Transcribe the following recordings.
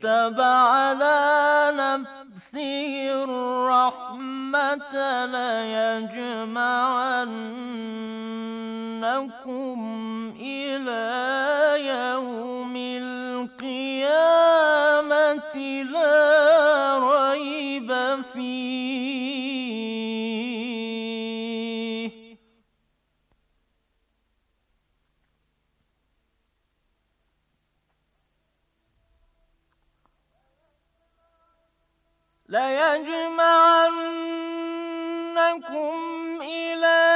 كتب على نفسه الرحمة ليجمعنكم إلى يوم القيامة لا ليجمعنكم إلى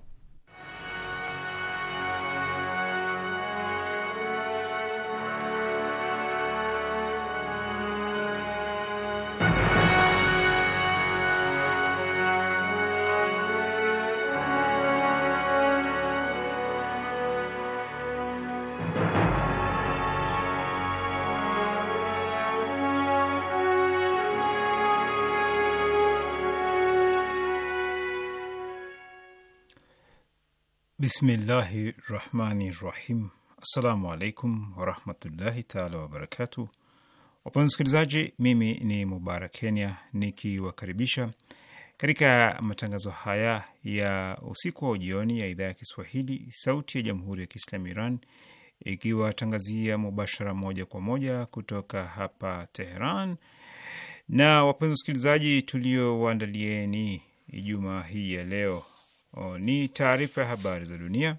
Bismillahi rahmani rahim. Assalamu alaikum warahmatullahi taala wabarakatu. Wapenzi wasikilizaji, mimi ni Mubarak Kenya nikiwakaribisha katika matangazo haya ya usiku wa ujioni ya idhaa ya Kiswahili sauti ya jamhuri ya Kiislamu Iran ikiwatangazia mubashara moja kwa moja kutoka hapa Teheran. Na wapenzi wasikilizaji, tuliowaandalieni Ijumaa hii ya leo o, ni taarifa ya habari za dunia,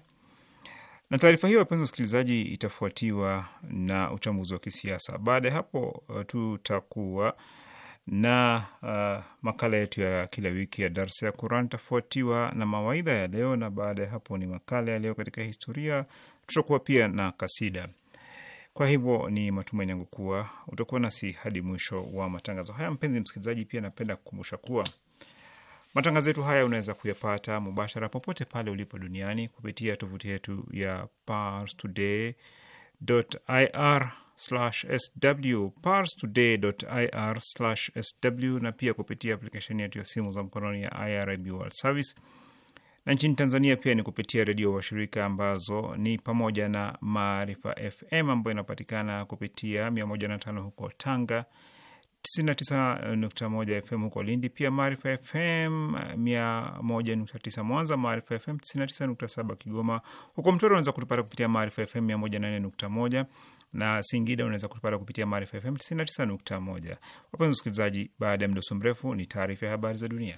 na taarifa hiyo, wapenzi wasikilizaji, itafuatiwa na uchambuzi wa kisiasa. Baada ya hapo, uh, tutakuwa na uh, makala yetu ya kila wiki ya darsa ya Quran, itafuatiwa na mawaidha ya leo, na baada ya hapo ni makala ya leo katika historia. Tutakuwa pia na kasida. Kwa hivyo ni matumaini yangu kuwa utakuwa nasi hadi mwisho wa matangazo haya. Mpenzi msikilizaji, pia napenda kukumbusha kuwa Matangazo yetu haya unaweza kuyapata mubashara popote pale ulipo duniani kupitia tovuti yetu ya parstoday.ir/sw, parstoday.ir/sw, na pia kupitia aplikesheni yetu ya simu za mkononi ya IRIB World Service na nchini Tanzania pia ni kupitia redio washirika ambazo ni pamoja na Maarifa FM ambayo inapatikana kupitia 105 huko Tanga, 99.1 FM huko Lindi, pia Maarifa FM 101.9 eh, Mwanza, Maarifa FM 99.7 Kigoma. Huko Mtoro unaweza kutupata kupitia Maarifa FM 108.1 na Singida unaweza kutupata kupitia Maarifa FM 99.1. Wapenzi wasikilizaji, baada ya mdoso mrefu ni taarifa ya habari za dunia.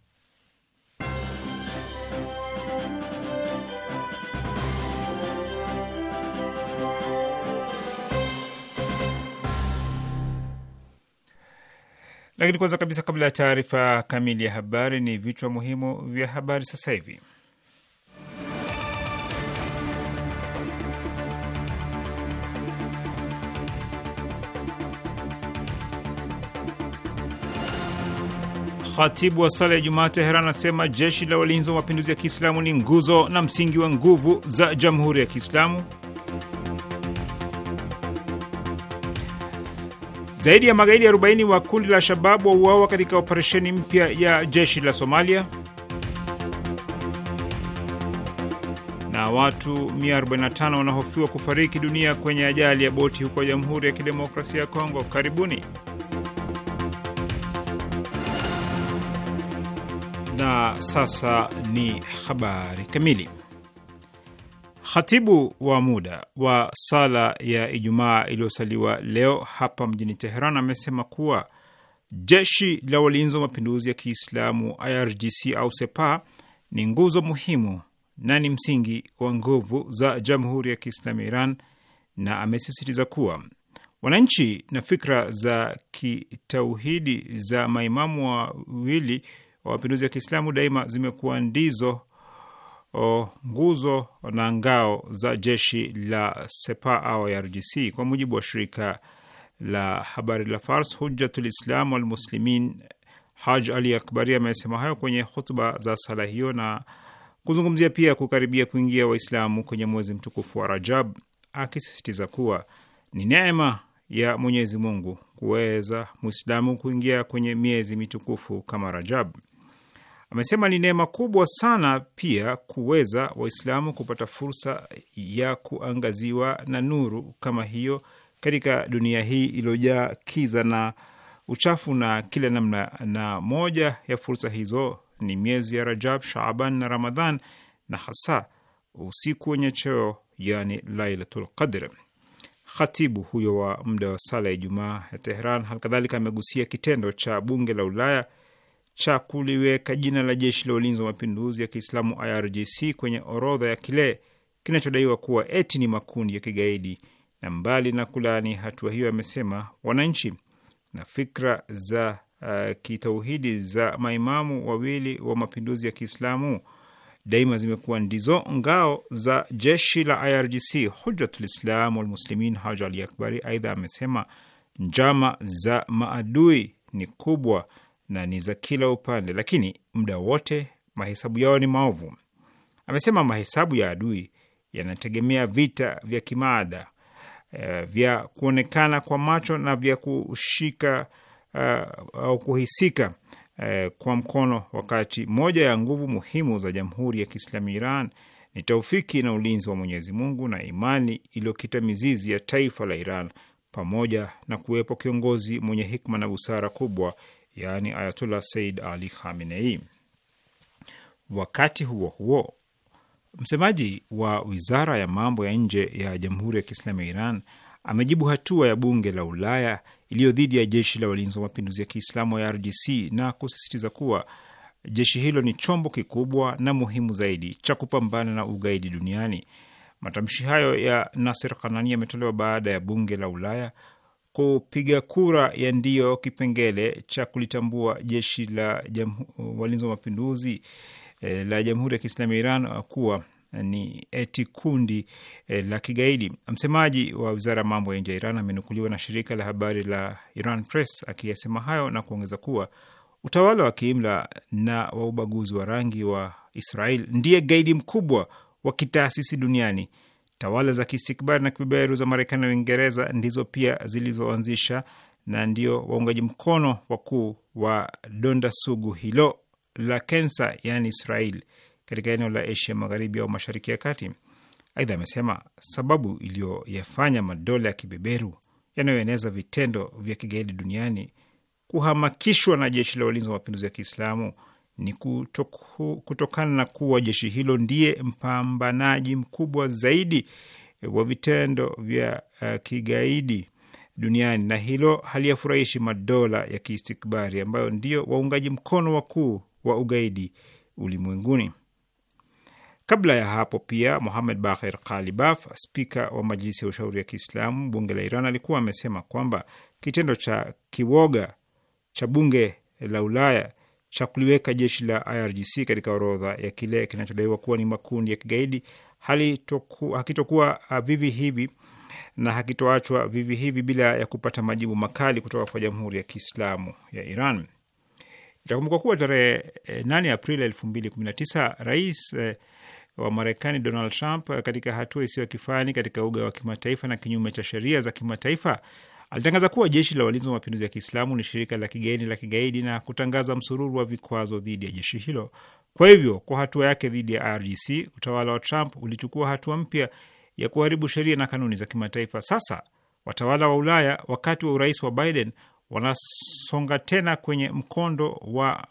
Lakini kwanza kabisa, kabla ya taarifa kamili ya habari, ni vichwa muhimu vya habari sasa hivi. Khatibu wa sala ya Jumaa Teheran anasema jeshi la walinzi wa mapinduzi ya Kiislamu ni nguzo na msingi wa nguvu za jamhuri ya Kiislamu. Zaidi ya magaidi 40 wa kundi la Shababu wauawa katika operesheni mpya ya jeshi la Somalia, na watu 145 wanahofiwa kufariki dunia kwenye ajali ya boti huko Jamhuri ya Kidemokrasia ya Kongo. Karibuni. Na sasa ni habari kamili. Khatibu wa muda wa sala ya Ijumaa iliyosaliwa leo hapa mjini Teheran amesema kuwa jeshi la walinzi wa mapinduzi ya Kiislamu IRGC au Sepa ni nguzo muhimu na ni msingi wa nguvu za Jamhuri ya Kiislamu ya Iran, na amesisitiza kuwa wananchi na fikra za kitauhidi za maimamu wawili wa mapinduzi ya Kiislamu daima zimekuwa ndizo o, nguzo na ngao za jeshi la Sepa au RGC. Kwa mujibu wa shirika la habari la Fars, Hujjatul Islam wal Muslimin Haj Ali Akbari amesema hayo kwenye hutuba za sala hiyo na kuzungumzia pia kukaribia kuingia Waislamu kwenye mwezi mtukufu wa Rajab, akisisitiza kuwa ni neema ya Mwenyezi Mungu kuweza Muislamu kuingia kwenye miezi mitukufu kama Rajab. Amesema ni neema kubwa sana pia kuweza Waislamu kupata fursa ya kuangaziwa na nuru kama hiyo katika dunia hii iliyojaa kiza na uchafu na kila namna, na moja ya fursa hizo ni miezi ya Rajab, Shaaban na Ramadhan, na hasa usiku wenye cheo, yani Lailatul Qadr. Khatibu huyo wa muda wa sala ya Ijumaa ya Tehran halikadhalika amegusia kitendo cha bunge la Ulaya cha kuliweka jina la jeshi la ulinzi wa mapinduzi ya Kiislamu IRGC kwenye orodha ya kile kinachodaiwa kuwa eti ni makundi ya kigaidi, na mbali na kulaani hatua hiyo, amesema wananchi na fikra za uh, kitauhidi za maimamu wawili wa mapinduzi ya Kiislamu daima zimekuwa ndizo ngao za jeshi la IRGC, Hujjatul Islam wal aliakbari Ali Akbari. Aidha amesema njama za maadui ni kubwa na ni za kila upande, lakini muda wote mahesabu yao ni maovu. Amesema mahesabu ya adui yanategemea vita vya kimaada e, vya kuonekana kwa macho na vya kushika uh, au kuhisika uh, kwa mkono, wakati moja ya nguvu muhimu za Jamhuri ya Kiislamu Iran ni taufiki na ulinzi wa Mwenyezi Mungu na imani iliyokita mizizi ya taifa la Iran pamoja na kuwepo kiongozi mwenye hikma na busara kubwa yaani Ayatullah Said Ali Khamenei. Wakati huo huo, msemaji wa wizara ya mambo ya nje ya Jamhuri ya Kiislamu ya Iran amejibu hatua ya bunge la Ulaya iliyo dhidi ya jeshi la walinzi wa mapinduzi ya Kiislamu ya RGC na kusisitiza kuwa jeshi hilo ni chombo kikubwa na muhimu zaidi cha kupambana na ugaidi duniani. Matamshi hayo ya nasir Kanani yametolewa baada ya bunge la Ulaya kupiga kura ya ndio kipengele cha kulitambua jeshi la walinzi wa mapinduzi eh, la Jamhuri ya Kiislamu ya Iran kuwa ni eti kundi eh, la kigaidi. Msemaji wa wizara ya mambo ya nje ya Iran amenukuliwa na shirika la habari la Iran Press akiyasema hayo na kuongeza kuwa utawala wa kiimla na wa ubaguzi wa rangi wa Israel ndiye gaidi mkubwa wa kitaasisi duniani Tawala za kiistikbari na kibeberu za Marekani na Uingereza ndizo pia zilizoanzisha na ndio waungaji mkono wakuu wa donda sugu hilo la kensa, yaani Israel, katika eneo la Asia Magharibi au Mashariki ya Kati. Aidha amesema sababu iliyoyafanya madola ya kibeberu yanayoeneza vitendo vya kigaidi duniani kuhamakishwa na jeshi la walinzi wa mapinduzi ya Kiislamu ni kutoku, kutokana na kuwa jeshi hilo ndiye mpambanaji mkubwa zaidi wa vitendo vya uh, kigaidi duniani na hilo haliyafurahishi madola ya kiistikbari ambayo ndio waungaji mkono wakuu wa ugaidi ulimwenguni. Kabla ya hapo pia, muhamed Bahir Kalibaf, spika wa Majlisi ya Ushauri ya Kiislamu, bunge la Iran, alikuwa amesema kwamba kitendo cha kiwoga cha bunge la Ulaya cha kuliweka jeshi la IRGC katika orodha ya kile kinachodaiwa kuwa ni makundi ya kigaidi hakitokuwa ah, vivi hivi na hakitoachwa vivi hivi bila ya kupata majibu makali kutoka kwa Jamhuri ya Kiislamu ya Iran. Itakumbukwa kuwa tarehe 8 eh, Aprili 2019 rais eh, wa Marekani Donald Trump eh, katika hatua isiyo kifani katika uga wa kimataifa na kinyume cha sheria za kimataifa Alitangaza kuwa jeshi la walinzi wa mapinduzi ya Kiislamu ni shirika la kigeni la kigaidi na kutangaza msururu wa vikwazo dhidi ya jeshi hilo. Kwa hivyo, kwa hatua yake dhidi ya RDC, utawala wa Trump ulichukua hatua mpya ya kuharibu sheria na kanuni za kimataifa. Sasa watawala wa Ulaya wakati wa urais wa Biden wanasonga tena kwenye mkondo wa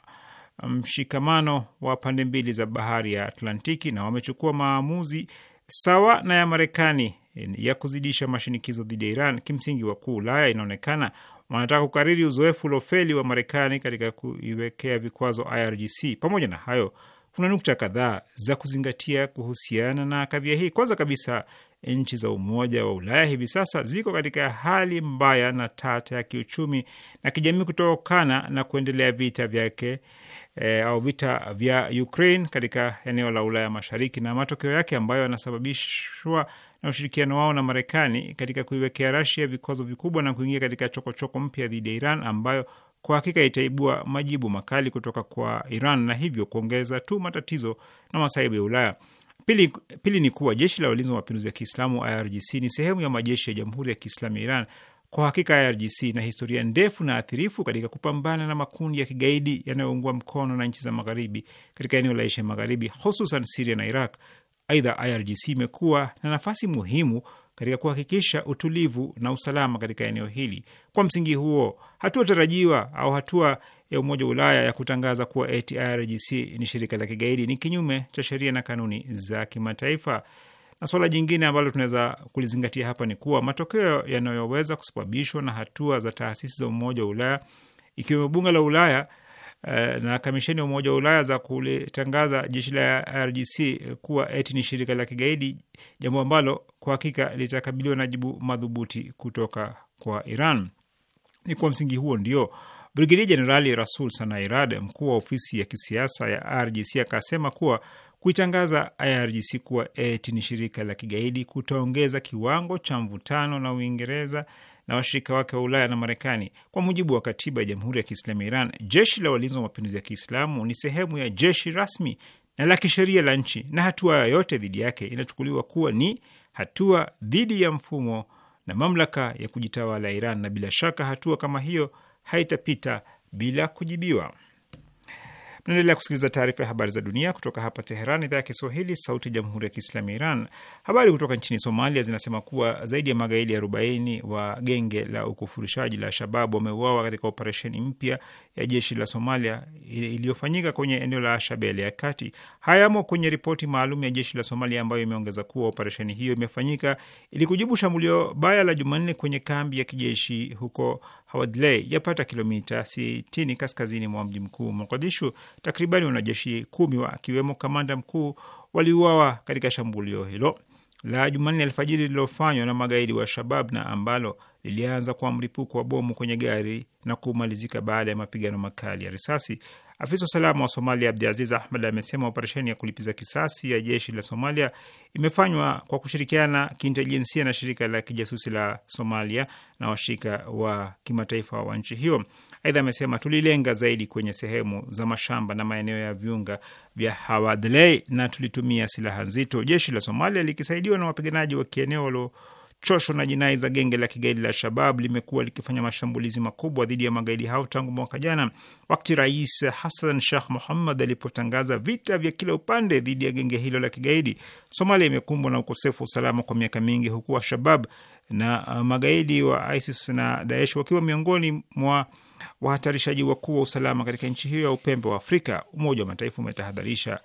mshikamano wa pande mbili za bahari ya Atlantiki na wamechukua maamuzi sawa na ya Marekani ya kuzidisha mashinikizo dhidi ya Iran. Kimsingi, wakuu Ulaya inaonekana wanataka kukariri uzoefu uliofeli wa Marekani katika kuiwekea vikwazo IRGC. Pamoja na hayo, kuna nukta kadhaa za kuzingatia kuhusiana na kadhia hii. Kwanza kabisa, nchi za Umoja wa Ulaya hivi sasa ziko katika hali mbaya na tata ya kiuchumi na kijamii kutokana na kuendelea vita vyake e, au vita vya Ukraine katika eneo la Ulaya Mashariki na matokeo yake ambayo yanasababishwa na ushirikiano wao na Marekani katika kuiwekea Rasia vikwazo vikubwa na kuingia katika chokochoko mpya dhidi ya Iran ambayo kwa hakika itaibua majibu makali kutoka kwa Iran na hivyo kuongeza tu matatizo na masaibu ya Ulaya. Pili, pili ni kuwa jeshi la walinzi wa mapinduzi ya Kiislamu IRGC ni sehemu ya majeshi ya Jamhuri ya Kiislamu ya Iran kwa hakika IRGC ina historia ndefu na athirifu katika kupambana na makundi ya kigaidi yanayoungwa mkono na nchi za magharibi katika eneo la Asia Magharibi, hususan Siria na Iraq. Aidha, IRGC imekuwa na nafasi muhimu katika kuhakikisha utulivu na usalama katika eneo hili. Kwa msingi huo, hatua tarajiwa au hatua ya Umoja wa Ulaya ya kutangaza kuwa ATIRGC ni shirika la kigaidi ni kinyume cha sheria na kanuni za kimataifa. Na suala jingine ambalo tunaweza kulizingatia hapa ni kuwa matokeo yanayoweza kusababishwa na hatua za taasisi za Umoja wa Ulaya ikiwemo Bunge la Ulaya eh, na Kamisheni ya Umoja wa Ulaya za kulitangaza jeshi la rgc kuwa eti ni shirika la kigaidi, jambo ambalo kwa hakika litakabiliwa na jibu madhubuti kutoka kwa Iran. Ni kwa msingi huo ndio Brigedia Jenerali Rasul Sanairad, mkuu wa ofisi ya kisiasa ya rgc akasema kuwa kuitangaza IRGC kuwa eti ni shirika la kigaidi kutaongeza kiwango cha mvutano na Uingereza na washirika wake wa Ulaya na Marekani. Kwa mujibu wa katiba ya Jamhuri ya Kiislamu ya Iran, jeshi la walinzi wa mapinduzi ya Kiislamu ni sehemu ya jeshi rasmi na la kisheria la nchi, na hatua yoyote dhidi yake inachukuliwa kuwa ni hatua dhidi ya mfumo na mamlaka ya kujitawala Iran, na bila shaka hatua kama hiyo haitapita bila kujibiwa. Mnaendelea kusikiliza taarifa ya habari za dunia kutoka hapa Teheran, idhaa ya Kiswahili, sauti ya jamhuri ya kiislamu ya Iran. Habari kutoka nchini Somalia zinasema kuwa zaidi ya magaidi arobaini wa genge la ukufurishaji la Shababu wameuawa katika operesheni mpya ya jeshi la Somalia iliyofanyika kwenye eneo la Shabele ya kati. Hayamo kwenye ripoti maalum ya jeshi la Somalia ambayo imeongeza kuwa operesheni hiyo imefanyika ili kujibu shambulio baya la Jumanne kwenye kambi ya kijeshi huko Hawadley yapata kilomita 60 kaskazini mwa mji mkuu Mogadishu. Takribani wanajeshi kumi wakiwemo kamanda mkuu waliuawa katika shambulio hilo la Jumanne alfajiri lililofanywa na magaidi wa Shabab na ambalo lilianza kwa mlipuko wa bomu kwenye gari na kumalizika baada ya mapigano makali ya risasi. Afisa usalama wa Somalia Abdiaziz Ahmed amesema operesheni ya kulipiza kisasi ya jeshi la Somalia imefanywa kwa kushirikiana kiintelijensia na shirika la kijasusi la Somalia na washirika wa kimataifa wa nchi hiyo. Aidha amesema tulilenga zaidi kwenye sehemu za mashamba na maeneo ya viunga vya Hawadhlei na tulitumia silaha nzito. Jeshi la Somalia likisaidiwa na wapiganaji wa kieneo walio lililochoshwa na jinai za genge la kigaidi la Shabab limekuwa likifanya mashambulizi makubwa dhidi ya magaidi hao tangu mwaka jana, wakati Rais Hassan Sheikh Mohamud alipotangaza vita vya kila upande dhidi ya genge hilo la kigaidi. Somalia imekumbwa na ukosefu wa usalama kwa miaka mingi, huku Washabab na uh, magaidi wa ISIS na Daesh wakiwa miongoni mwa wahatarishaji wakuu wa usalama katika nchi hiyo ya upembe wa Afrika. Umoja wa Mataifa umetahadharisha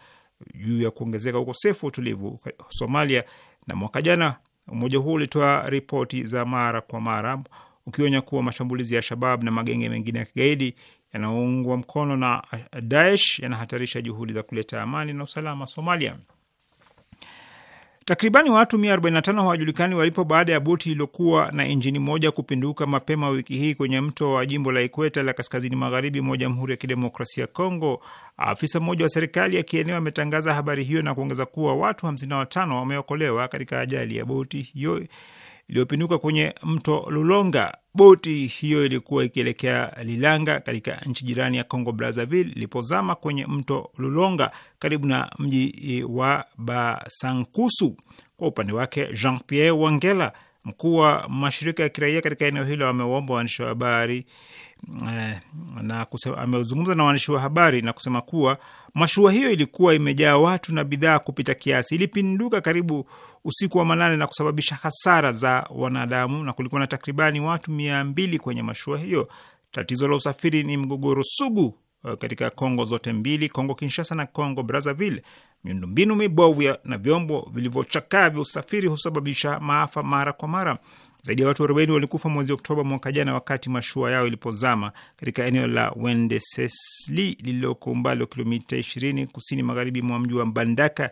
juu ya kuongezeka ukosefu wa utulivu Somalia, na mwaka jana Umoja huo ulitoa ripoti za mara kwa mara ukionya kuwa mashambulizi ya Shabab na magenge mengine ya kigaidi yanayoungwa mkono na Daesh yanahatarisha juhudi za kuleta amani na usalama Somalia. Takribani watu 145 hawajulikani walipo baada ya boti iliyokuwa na injini moja kupinduka mapema wiki hii kwenye mto wa jimbo la Ikweta la kaskazini magharibi mwa Jamhuri ya Kidemokrasia ya Kongo. Afisa mmoja wa serikali ya kieneo ametangaza habari hiyo na kuongeza kuwa watu 55 wameokolewa katika ajali ya boti hiyo iliyopinduka kwenye mto Lulonga. Boti hiyo ilikuwa ikielekea Lilanga katika nchi jirani ya Congo Brazzaville ilipozama kwenye mto Lulonga karibu na mji eh, wa Basankusu. Kwa upande wake, Jean Pierre Wangela, mkuu wa mashirika ya kiraia katika eneo hilo, amewaomba waandishi wa habari eh, na kusema, amezungumza na waandishi wa habari na kusema kuwa Mashua hiyo ilikuwa imejaa watu na bidhaa kupita kiasi, ilipinduka karibu usiku wa manane na kusababisha hasara za wanadamu, na kulikuwa na takribani watu mia mbili kwenye mashua hiyo. Tatizo la usafiri ni mgogoro sugu uh, katika Kongo zote mbili, Kongo Kinshasa na Kongo Brazzaville. Miundombinu mibovu na vyombo vilivyochakaa vya usafiri husababisha maafa mara kwa mara. Zaidi ya watu 40 walikufa mwezi Oktoba mwaka jana wakati mashua yao ilipozama katika eneo la Wendesesli lililoko umbali wa kilomita 20 kusini magharibi mwa mji wa Mbandaka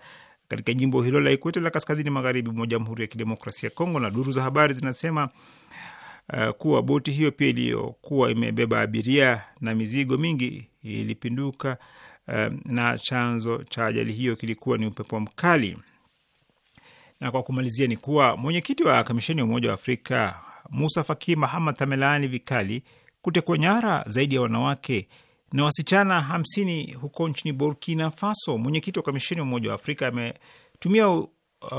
katika jimbo hilo la Ikweta la kaskazini magharibi mwa Jamhuri ya Kidemokrasia ya Kongo. Na duru za habari zinasema uh, kuwa boti hiyo pia iliyokuwa imebeba abiria na mizigo mingi ilipinduka, uh, na chanzo cha ajali hiyo kilikuwa ni upepo mkali. Na kwa kumalizia ni kuwa mwenyekiti wa kamisheni ya Umoja wa Afrika Musa Faki Mahamad amelaani vikali kutekwa nyara zaidi ya wanawake na wasichana hamsini huko nchini Burkina Faso. Mwenyekiti wa kamisheni ya Umoja wa Afrika ametumia uh,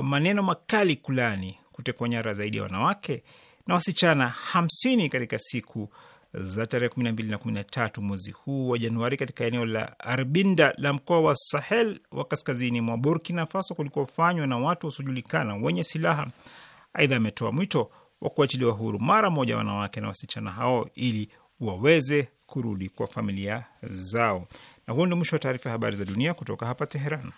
maneno makali kulani kutekwa nyara zaidi ya wanawake na wasichana hamsini katika siku za tarehe 12 na 13 mwezi huu wa Januari katika eneo la Arbinda la mkoa wa Sahel wa kaskazini mwa Burkina Faso kulikofanywa na watu wasiojulikana wenye silaha. Aidha, ametoa mwito wa kuachiliwa huru mara moja wanawake na wasichana hao ili waweze kurudi kwa familia zao. Na huo ndio mwisho wa taarifa ya habari za dunia kutoka hapa Teheran.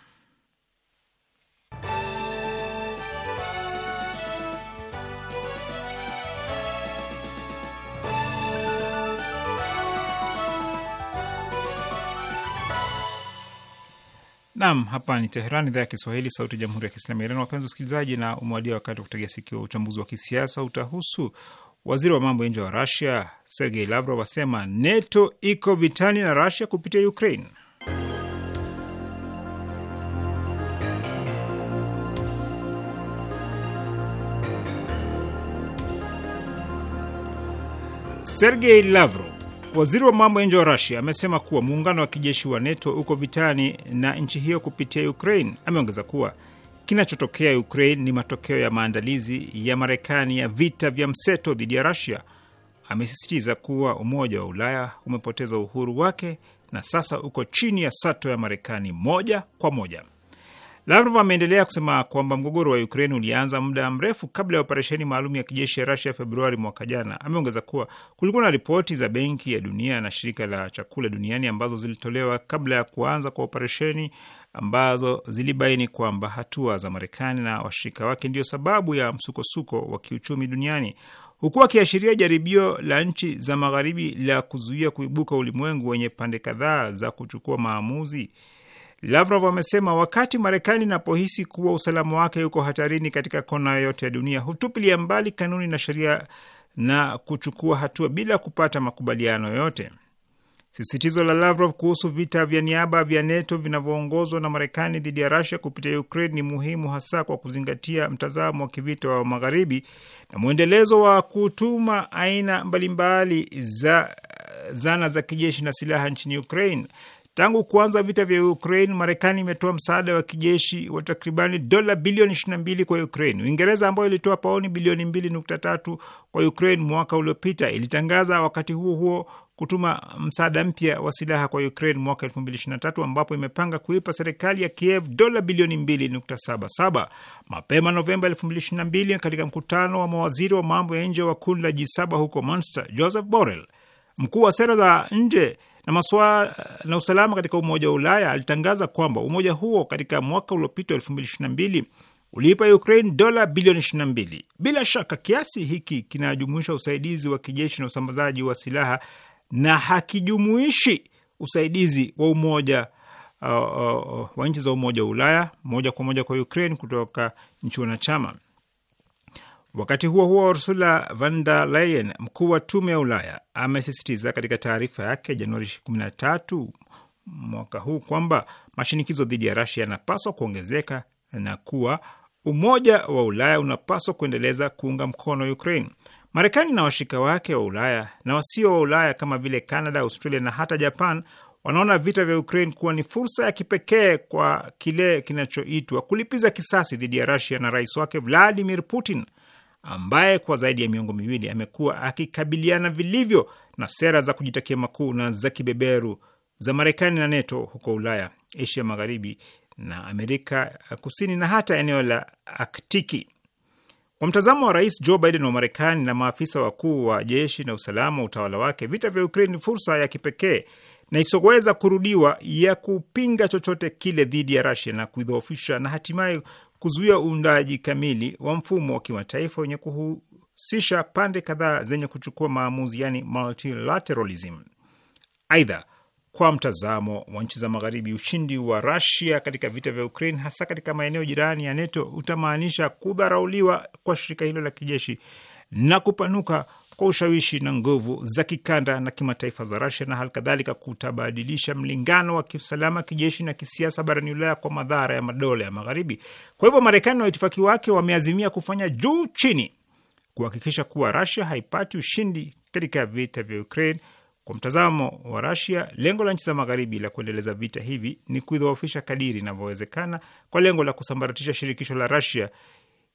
Nam, hapa ni Teheran, idhaa ya Kiswahili, sauti ya jamhuri ya kiislamu ya Iran. Wapenzi wasikilizaji, na umewadia wakati wa kutegea sikio. Uchambuzi wa kisiasa utahusu waziri wa mambo ya nje wa Rasia Sergei Lavrov asema NATO iko vitani na Rasia kupitia Ukraine. Sergei Lavrov Waziri wa mambo ya nje wa Rusia amesema kuwa muungano wa kijeshi wa NATO uko vitani na nchi hiyo kupitia Ukraine. Ameongeza kuwa kinachotokea Ukraine ni matokeo ya maandalizi ya Marekani ya vita vya mseto dhidi ya Rusia. Amesisitiza kuwa Umoja wa Ulaya umepoteza uhuru wake na sasa uko chini ya sato ya Marekani moja kwa moja. Lavrov ameendelea kusema kwamba mgogoro wa Ukraine ulianza muda mrefu kabla ya operesheni maalum ya kijeshi ya Rusia Februari mwaka jana. Ameongeza kuwa kulikuwa na ripoti za Benki ya Dunia na Shirika la Chakula Duniani ambazo zilitolewa kabla ya kuanza kwa operesheni ambazo zilibaini kwamba hatua za Marekani na washirika wake ndio sababu ya msukosuko wa kiuchumi duniani, huku akiashiria jaribio la nchi za Magharibi la kuzuia kuibuka ulimwengu wenye pande kadhaa za kuchukua maamuzi Lavrov amesema wakati Marekani inapohisi kuwa usalama wake uko hatarini katika kona yoyote ya dunia, hutupilia mbali kanuni na sheria na kuchukua hatua bila kupata makubaliano yoyote. Sisitizo la Lavrov kuhusu vita vya niaba vya NATO vinavyoongozwa na Marekani dhidi ya Rusia kupitia Ukraine ni muhimu hasa kwa kuzingatia mtazamo wa kivita wa Magharibi na mwendelezo wa kutuma aina mbalimbali za zana za kijeshi na silaha nchini Ukraine. Tangu kuanza vita vya Ukraine, Marekani imetoa msaada wa kijeshi wa takribani dola bilioni 22 kwa Ukraine. Uingereza ambayo ilitoa paoni bilioni 2.3 kwa Ukraine mwaka uliopita ilitangaza wakati huo huo kutuma msaada mpya wa silaha kwa Ukraine mwaka 2023 ambapo imepanga kuipa serikali ya Kiev dola bilioni 2.77. Mapema Novemba 2022, katika mkutano wa mawaziri wa mambo ya nje wa kundi la G7 huko Munster, Joseph Borrell, mkuu wa sera za nje na maswala na usalama katika Umoja wa Ulaya alitangaza kwamba umoja huo katika mwaka uliopita wa mbili mbili uliipa Ukraine dola bilioni 22. Bila shaka kiasi hiki kinajumuisha usaidizi wa kijeshi na usambazaji wa silaha na hakijumuishi usaidizi wa umoja uh, uh, wa nchi za Umoja wa Ulaya moja kwa moja kwa Ukraine kutoka nchi wanachama. Wakati huo huo, Ursula von der Leyen, mkuu wa tume ya Ulaya, amesisitiza katika taarifa yake Januari 13 mwaka huu kwamba mashinikizo dhidi ya Rasia yanapaswa kuongezeka na kuwa Umoja wa Ulaya unapaswa kuendeleza kuunga mkono Ukraine. Marekani na washirika wake wa Ulaya na wasio wa Ulaya kama vile Canada, Australia na hata Japan wanaona vita vya Ukraine kuwa ni fursa ya kipekee kwa kile kinachoitwa kulipiza kisasi dhidi ya Rasia na rais wake Vladimir Putin ambaye kwa zaidi ya miongo miwili amekuwa akikabiliana vilivyo na sera za kujitakia makuu na za kibeberu za Marekani na NATO huko Ulaya, Asia Magharibi na Amerika Kusini na hata eneo la Aktiki. Kwa mtazamo wa Rais Joe Biden wa Marekani na maafisa wakuu wa jeshi na usalama wa utawala wake, vita vya Ukraine ni fursa ya kipekee na isiyoweza kurudiwa ya kupinga chochote kile dhidi ya rasia na kuidhoofisha na hatimaye kuzuia uundaji kamili wa mfumo wa kimataifa wenye kuhusisha pande kadhaa zenye kuchukua maamuzi, yani multilateralism. Aidha, kwa mtazamo wa nchi za Magharibi, ushindi wa rasia katika vita vya Ukraine, hasa katika maeneo jirani ya NATO, utamaanisha kudharauliwa kwa shirika hilo la kijeshi na kupanuka kwa ushawishi na nguvu za kikanda na kimataifa za Rasia na hali kadhalika kutabadilisha mlingano wa kiusalama, kijeshi na kisiasa barani Ulaya kwa madhara ya madola ya Magharibi. Kwa hivyo, Marekani na waitifaki wake wameazimia kufanya juu chini kuhakikisha kuwa Rasia haipati ushindi katika vita vya Ukraine. Kwa mtazamo wa Rasia, lengo la nchi za magharibi la kuendeleza vita hivi ni kuidhoofisha kadiri inavyowezekana kwa lengo la kusambaratisha shirikisho la Rasia.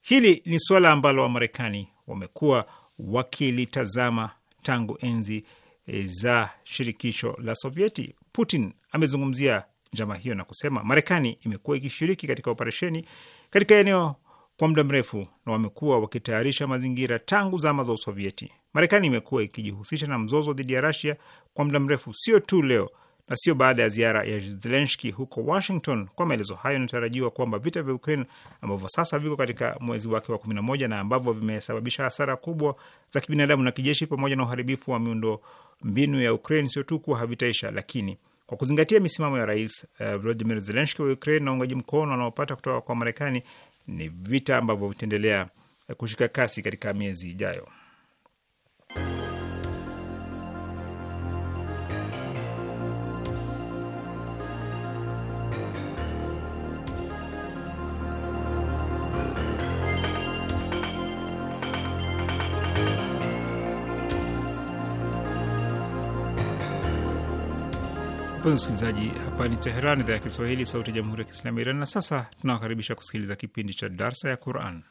Hili ni suala ambalo Wamarekani wamekuwa wakilitazama tangu enzi eh, za shirikisho la Sovieti. Putin amezungumzia njama hiyo na kusema Marekani imekuwa ikishiriki katika operesheni katika eneo kwa muda mrefu na wamekuwa wakitayarisha mazingira tangu zama za Usovieti. Marekani imekuwa ikijihusisha na mzozo dhidi ya Rasia kwa muda mrefu, sio tu leo na sio baada ya ziara ya Zelenski huko Washington. Kwa maelezo hayo, inatarajiwa kwamba vita vya Ukraine ambavyo sasa viko katika mwezi wake wa 11 na ambavyo vimesababisha hasara kubwa za kibinadamu na kijeshi pamoja na uharibifu wa miundo mbinu ya Ukraine, sio tu kuwa havitaisha, lakini kwa kuzingatia misimamo ya Rais uh, eh, Volodymyr Zelenski wa Ukraine na uungaji mkono anaopata kutoka kwa Marekani, ni vita ambavyo vitaendelea kushika kasi katika miezi ijayo. Mpenzi msikilizaji, hapa ni Teheran, idhaa ya Kiswahili, sauti ya jamhuri ya kiislamu ya Iran. Na sasa tunawakaribisha kusikiliza kipindi cha darsa ya Quran.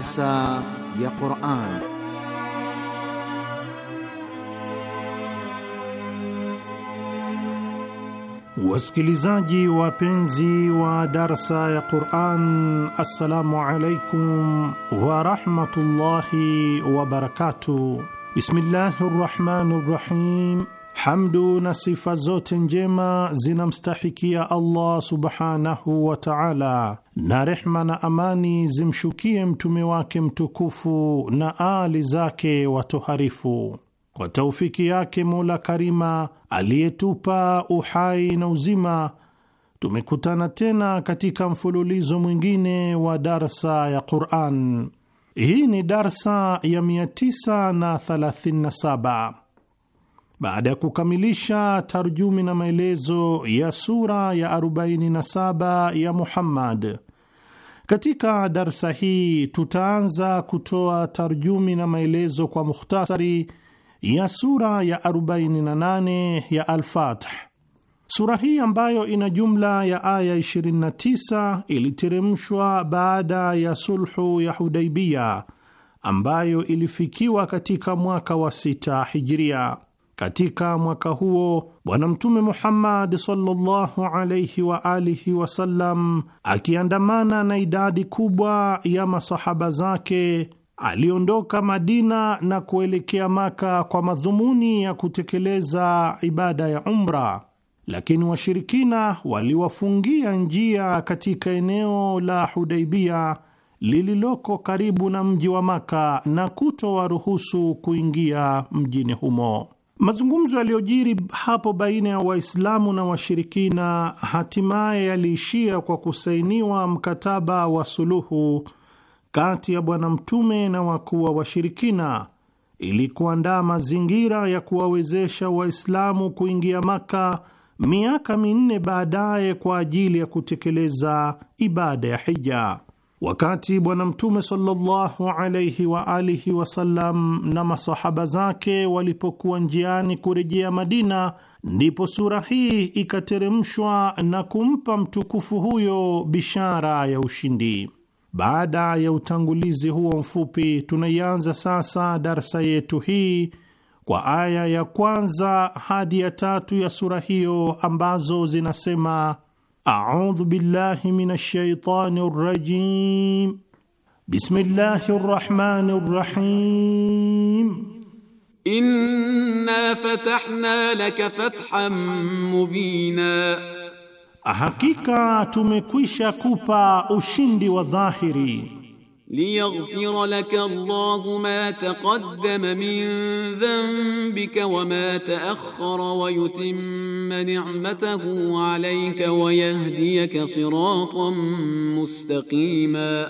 darsa ya Qur'an. Wasikilizaji wapenzi wa darsa ya Qur'an, assalamu alaikum wa rahmatullahi wa barakatuh. rahim Hamdu na sifa zote njema zinamstahikia Allah subhanahu wa taala, na rehma na amani zimshukie mtume wake mtukufu na ali zake watoharifu. Kwa taufiki yake Mola Karima aliyetupa uhai na uzima, tumekutana tena katika mfululizo mwingine wa darsa ya Quran. Hii ni darsa ya 937 baada ya kukamilisha tarjumi na maelezo ya sura ya 47 ya Muhammad, katika darsa hii tutaanza kutoa tarjumi na maelezo kwa mukhtasari ya sura ya 48 ya Al-Fath. Sura hii ambayo ina jumla ya aya 29 iliteremshwa baada ya sulhu ya Hudaibia ambayo ilifikiwa katika mwaka wa sita Hijria. Katika mwaka huo Bwana Mtume Muhammad sallallahu alaihi wa alihi wasallam, akiandamana na idadi kubwa ya masahaba zake aliondoka Madina na kuelekea Maka kwa madhumuni ya kutekeleza ibada ya umra, lakini washirikina waliwafungia njia katika eneo la Hudaibia lililoko karibu na mji wa Maka na kutowaruhusu kuingia mjini humo. Mazungumzo yaliyojiri hapo baina ya Waislamu na washirikina hatimaye yaliishia kwa kusainiwa mkataba wa suluhu kati ya Bwana Mtume na wakuu wa washirikina ili kuandaa mazingira ya kuwawezesha Waislamu kuingia Maka miaka minne baadaye kwa ajili ya kutekeleza ibada ya hija. Wakati Bwana Mtume sallallahu alaihi wa alihi wasallam na masahaba zake walipokuwa njiani kurejea Madina, ndipo sura hii ikateremshwa na kumpa mtukufu huyo bishara ya ushindi. Baada ya utangulizi huo mfupi, tunaianza sasa darsa yetu hii kwa aya ya kwanza hadi ya tatu ya sura hiyo ambazo zinasema: أعوذ بالله من الشيطان الرجيم بسم الله الرحمن الرحيم إنا فتحنا لك فتحا مبينا hakika تمكوشا كوبا ushindi wa liyaghfira laka Allahu ma taqaddama min dhanbika wa ma ta'akhkhara wa yutimma ni'matahu 'alayka wa yahdiyaka siratan mustaqima,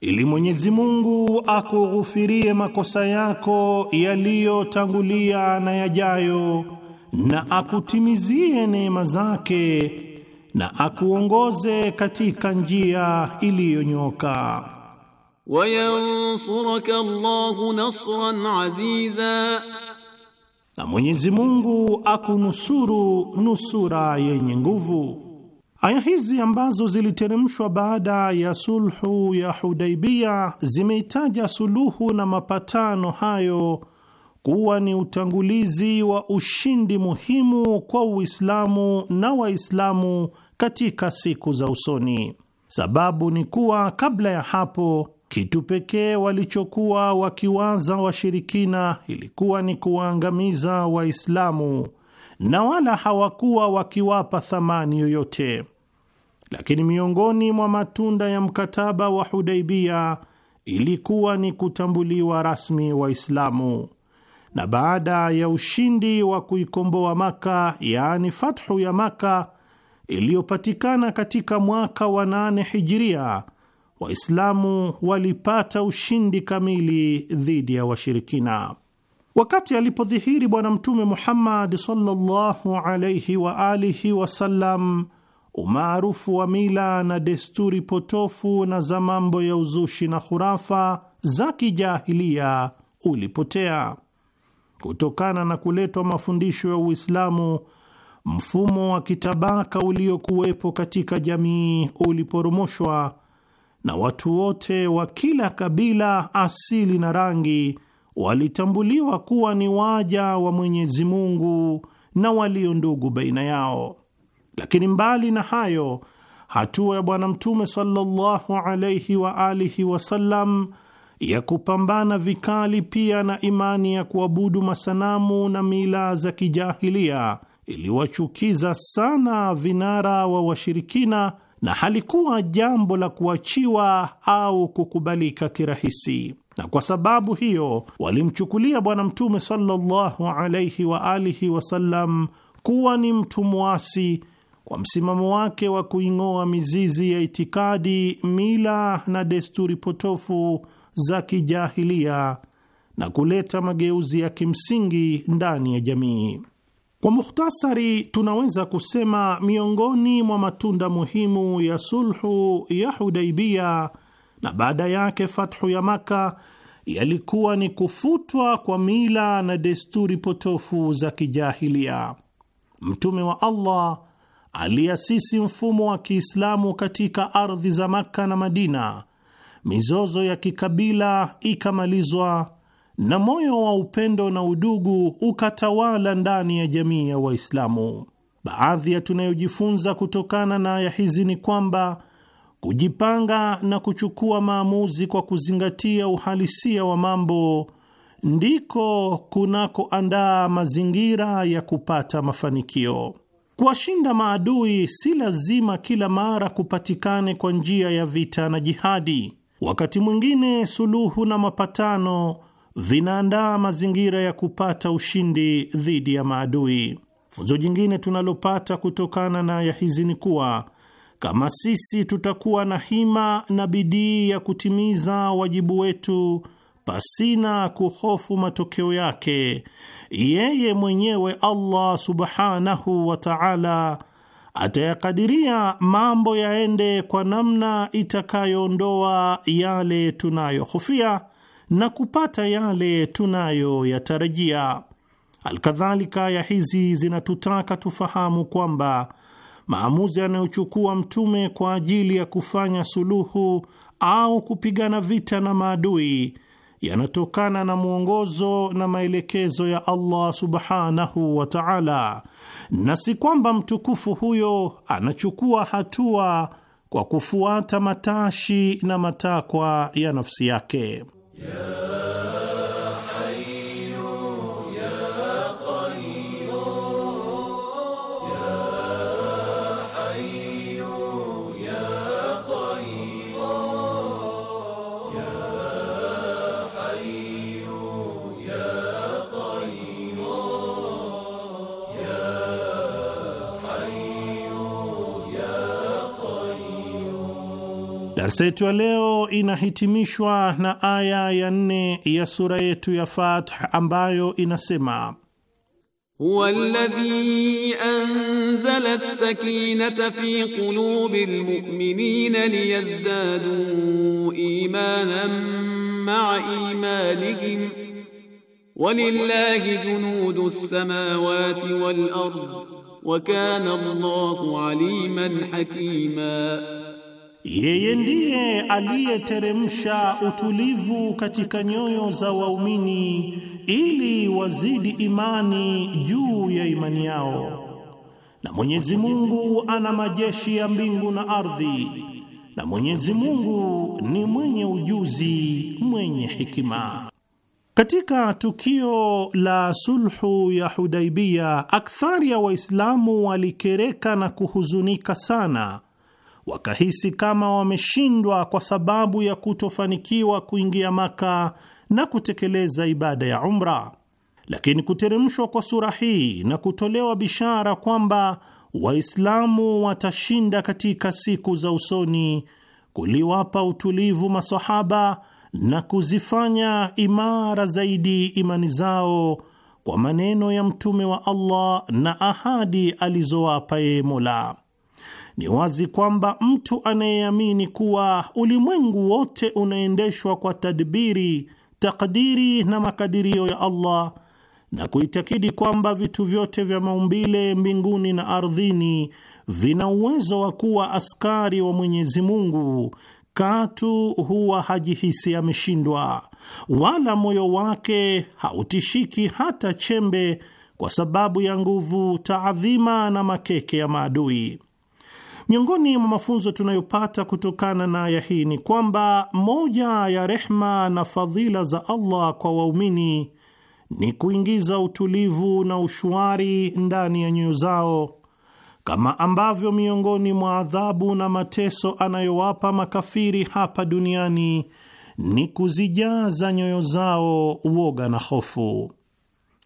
ili Mwenyezi Mungu akughufirie makosa yako yaliyotangulia na yajayo na akutimizie neema zake na akuongoze katika njia iliyonyoka wayansuraka Allahu nasran aziza, na Mwenyezi Mungu akunusuru nusura yenye nguvu. Aya hizi ambazo ziliteremshwa baada ya sulhu ya Hudaibia zimeitaja suluhu na mapatano hayo kuwa ni utangulizi wa ushindi muhimu kwa Uislamu na Waislamu katika siku za usoni. Sababu ni kuwa kabla ya hapo kitu pekee walichokuwa wakiwaza washirikina ilikuwa ni kuwaangamiza Waislamu, na wala hawakuwa wakiwapa thamani yoyote. Lakini miongoni mwa matunda ya mkataba wa Hudaibia ilikuwa ni kutambuliwa rasmi Waislamu, na baada ya ushindi wa kuikomboa Maka, yaani fathu ya Maka iliyopatikana katika mwaka wa nane hijiria Waislamu walipata ushindi kamili dhidi ya washirikina. Wakati alipodhihiri Bwana Mtume Muhammad sallallahu wa alihi wasallam, umaarufu wa mila na desturi potofu na za mambo ya uzushi na khurafa za kijahilia ulipotea kutokana na kuletwa mafundisho ya Uislamu. Mfumo wa kitabaka uliokuwepo katika jamii uliporomoshwa na watu wote wa kila kabila, asili na rangi walitambuliwa kuwa ni waja wa Mwenyezi Mungu na walio ndugu baina yao. Lakini mbali na hayo, hatua ya Bwana Mtume sallallahu alaihi wa alihi wasallam ya kupambana vikali pia na imani ya kuabudu masanamu na mila za kijahilia iliwachukiza sana vinara wa washirikina na halikuwa jambo la kuachiwa au kukubalika kirahisi, na kwa sababu hiyo walimchukulia Bwana Mtume sallallahu alaihi wa alihi wasallam kuwa ni mtu mwasi kwa msimamo wake wa kuing'oa mizizi ya itikadi, mila na desturi potofu za kijahilia na kuleta mageuzi ya kimsingi ndani ya jamii. Kwa mukhtasari, tunaweza kusema miongoni mwa matunda muhimu ya sulhu ya hudaibia na baada yake fathu ya Maka yalikuwa ni kufutwa kwa mila na desturi potofu za kijahilia. Mtume wa Allah aliasisi mfumo wa Kiislamu katika ardhi za Makka na Madina. Mizozo ya kikabila ikamalizwa na moyo wa upendo na udugu ukatawala ndani ya jamii ya Waislamu. Baadhi ya tunayojifunza kutokana na aya hizi ni kwamba kujipanga na kuchukua maamuzi kwa kuzingatia uhalisia wa mambo ndiko kunakoandaa mazingira ya kupata mafanikio. Kuwashinda maadui si lazima kila mara kupatikane kwa njia ya vita na jihadi. Wakati mwingine suluhu na mapatano vinaandaa mazingira ya kupata ushindi dhidi ya maadui. Funzo jingine tunalopata kutokana na aya hizi ni kuwa kama sisi tutakuwa na hima na bidii ya kutimiza wajibu wetu pasina kuhofu matokeo yake, yeye mwenyewe Allah subhanahu wa ta'ala atayakadiria mambo yaende kwa namna itakayoondoa yale tunayohofia na kupata yale tunayoyatarajia. Alkadhalika, aya hizi zinatutaka tufahamu kwamba maamuzi anayochukua Mtume kwa ajili ya kufanya suluhu au kupigana vita na maadui yanatokana na mwongozo na maelekezo ya Allah subhanahu wa ta'ala, na si kwamba mtukufu huyo anachukua hatua kwa kufuata matashi na matakwa ya nafsi yake. يا Darsa yetu ya leo inahitimishwa na aya ya nne ya sura yetu ya Fath ambayo inasema huwa alladhi anzala as-sakinata fi qulubi al mu'minina liyazdadu imanan ma'a imanihim walillahi junudu as-samawati wal-ard wa kana Allahu aliman hakima Yeye ndiye aliyeteremsha utulivu katika nyoyo za waumini ili wazidi imani juu ya imani yao. Na Mwenyezi Mungu ana majeshi ya mbingu na ardhi. Na Mwenyezi Mungu ni mwenye ujuzi, mwenye hikima. Katika tukio la sulhu ya Hudaibia, akthari ya Waislamu walikereka na kuhuzunika sana wakahisi kama wameshindwa kwa sababu ya kutofanikiwa kuingia Maka na kutekeleza ibada ya umra. Lakini kuteremshwa kwa sura hii na kutolewa bishara kwamba Waislamu watashinda katika siku za usoni kuliwapa utulivu masahaba na kuzifanya imara zaidi imani zao kwa maneno ya mtume wa Allah na ahadi alizowapa yeye Mola. Ni wazi kwamba mtu anayeamini kuwa ulimwengu wote unaendeshwa kwa tadbiri, takdiri na makadirio ya Allah na kuitakidi kwamba vitu vyote vya maumbile mbinguni na ardhini vina uwezo wa kuwa askari wa Mwenyezi Mungu katu huwa hajihisi ameshindwa, wala moyo wake hautishiki hata chembe, kwa sababu ya nguvu, taadhima na makeke ya maadui. Miongoni mwa mafunzo tunayopata kutokana na aya hii ni kwamba moja ya rehma na fadhila za Allah kwa waumini ni kuingiza utulivu na ushuari ndani ya nyoyo zao, kama ambavyo miongoni mwa adhabu na mateso anayowapa makafiri hapa duniani ni kuzijaza nyoyo zao woga na hofu.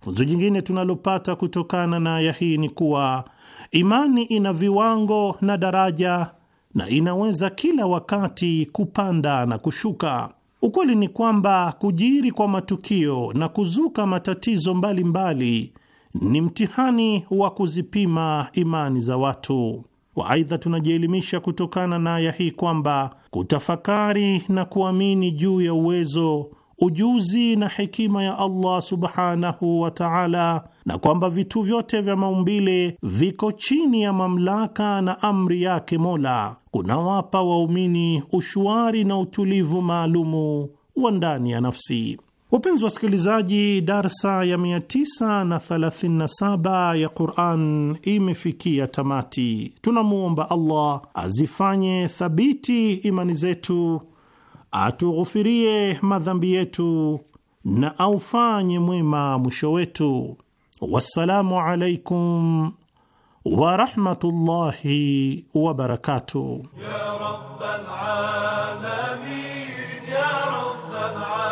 Funzo jingine tunalopata kutokana na aya hii ni kuwa Imani ina viwango na daraja na inaweza kila wakati kupanda na kushuka. Ukweli ni kwamba kujiri kwa matukio na kuzuka matatizo mbalimbali mbali ni mtihani wa kuzipima imani za watu. Waaidha, tunajielimisha kutokana na aya hii kwamba kutafakari na kuamini juu ya uwezo ujuzi na hekima ya Allah subhanahu wa ta'ala, na kwamba vitu vyote vya maumbile viko chini ya mamlaka na amri yake Mola, kunawapa waumini ushuari na utulivu maalumu wa ndani ya nafsi. Wapenzi wasikilizaji, darsa ya 937 ya Quran imefikia tamati. Tunamwomba Allah azifanye thabiti imani zetu atughufirie madhambi yetu na aufanye mwema mwisho wetu. Wassalamu alaikum warahmatullahi wabarakatuh ya rabbal alamin ya rabbal alamin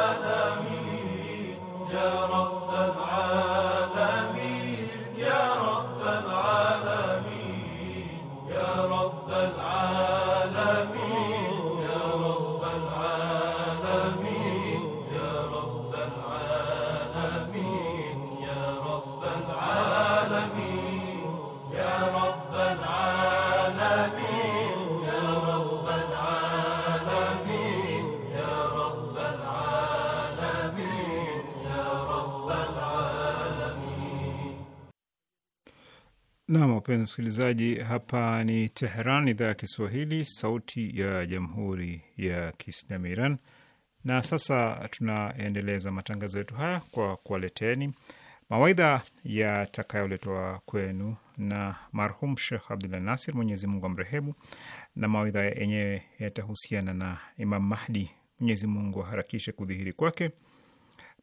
wapenzi msikilizaji, hapa ni Teheran, idhaa ya Kiswahili, sauti ya jamhuri ya kiislamu ya Iran. Na sasa tunaendeleza matangazo yetu haya kwa kuwaleteni mawaidha yatakayoletwa kwenu na marhum Shekh Abdullah Nasir, Mwenyezi Mungu amrehemu. Na mawaidha yenyewe yatahusiana na Imam Mahdi, Mwenyezi Mungu aharakishe kudhihiri kwake.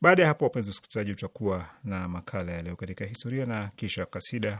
Baada ya hapo, wapenzi wasikilizaji, utakuwa na makala ya leo katika historia na kisha kasida